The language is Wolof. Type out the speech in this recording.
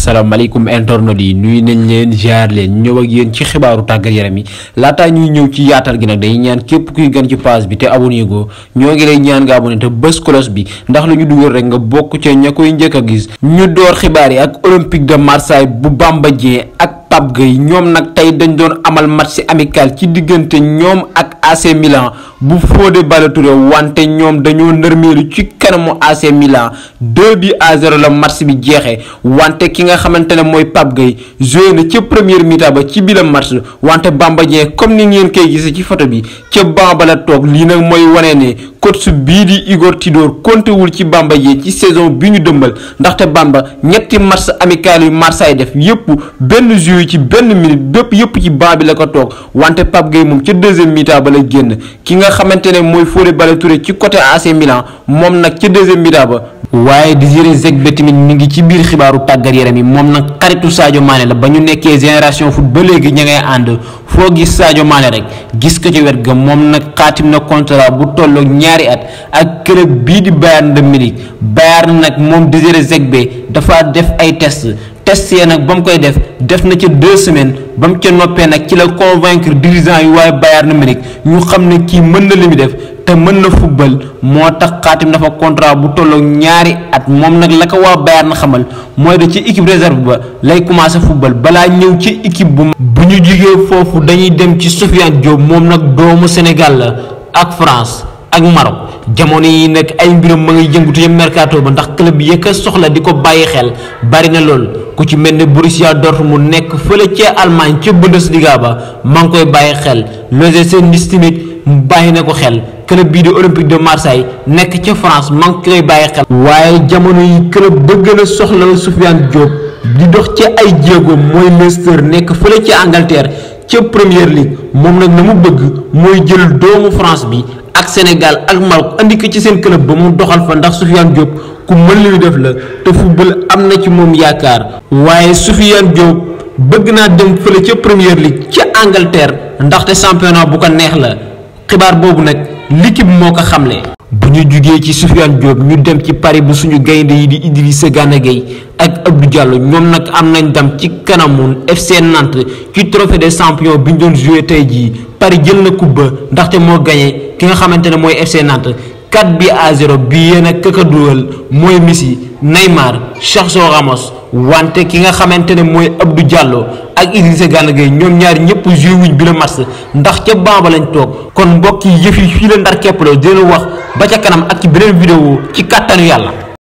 salaamaaleykum internautes yi nuyu nen leen jaar leen ñëw ak yéen ci xibaaru tàggat yaram yi laataa ñuy ñëw ci yaatal gi nag day ñaan képp kuy gan ci page bi te abonné goo ñoo ngi lay ñaan nga abonné te bës cloche bi ndax lu ñu dugal rek nga bokk ci ña koy njëkk a gis ñu door xibaar yi ak olympique de Marseille bu Bamba Dieng ak. Pape Gueye ñoom nag tey dañ doon amal match amical ci diggante ñoom ak AC Milan bu foode Ballo-Touré wante ñoom dañoo nërmeelu ci kanamu AC Milan 2 bi à 0 la match bi jeexee wante ki nga xamante ne mooy Pape Gueye joué na ci première mi-temps ba ci bi la match wante Bamba Dieng comme ni ngeen koy gisee ci photo bi ca Bamba la toog lii nag mooy wane ne coach bii di Igor Tudor wul ci Bamba Dieng ci saison bi ñu dëmbal ndaxte Bamba ñetti match amical yu Marseille def yépp benn jeu ci benn minute bépp yëpp ci baa bi la ko toog wante Pape Gueye moom ca deuxième mi ba la génn ki nga xamante ne mooy Fodé Ballo-Touré ci côté AC Milan moom nag ca deuxième mi-temps ba. waaye Désiré Segbe tamit mi ngi ci biir xibaaru tàggat yaram yi moom nag xaritu saajo maane la ba ñu nekkee génération foot ba léegi ña ngay ànd foo gis saajo maane rek gis ko ci wet ga moom nag xaatim na contrat bu tollook ñaari at ak club bii di Bayern de Munich Bayern nag moom Désiré Segbe dafa def ay test test yee nag ba mu koy def def na ca deux semaines ba mu ca noppee nag ci la convaincre dirigeant yu waaye bayaar Bayern Munich ñu xam ne kii mën na li def te mën na football moo tax xaatim dafa contrat bu tolloog ñaari at moom nag la ko waa Bayern na xamal mooy da ci équipe réserve ba lay commencé football balaa ñëw ci équipe bu bu ñu jigee foofu dañuy dem ci Sofiane Diop moom nag doomu Sénégal la ak France ak Maroc jamono yi nekk ay mbiram ma ngay yëngatu yam mercato ba ndax club yi ka soxla di ko bàyyi xel bari na lool ku ci mel ne Borussia Dortmund mu nekk fële ca Allemagne ca Bundesliga ba ma ngi koy bàyyi xel l'OGC Nice tamit bàyyi na ko xel club bii di Olympique de Marseille nekk ca France ma ngi koy bàyyi xel waaye jamono yi club ba gën a soxla Soufiane Diop di dox ci ay jéego mooy Leicester nekk fële ci Angleterre ca première ligue moom nag la mu bëgg mooy jël doomu France bi ak Sénégal ak Maroc indi ko ci seen club ba mu doxal fa ndax Soufiane Diop ku mën li mu def la te football am na ci moom yaakaar waaye Soufiane Diop bëgg naa dem fële ca première ligue ca Angleterre ndaxte championnat bu ko neex la xibaar boobu nag l'équipe moo ko xamle. bu ñu jugee ci Soufiane Diop ñu dem ci Paris bu suñu gaynde yi di Idrissa Gana Gueye ak Abdou Diallo ñoom nag am nañ dem ci kanamu FC Nantes ci trophée des champions bi ñu doon joué tey jii Paris jël na coupe ndaxte moo gagné ki nga xamante ne mooy FC Nantes 4 bi à bi yéen ak kaka dugal mooy Messi Neymar Sergio Ramos wante ki nga xamante ne mooy du jàlloo ak Idrissa Gana Gueye ñoom ñaari ñëpp joué wuñ bi la match ndax ca bamba lañ toog kon mbokk yi yëf yi fii la ndar képp la dina wax ba ca kanam ak ci beneen vidéo ci kàttanu yàlla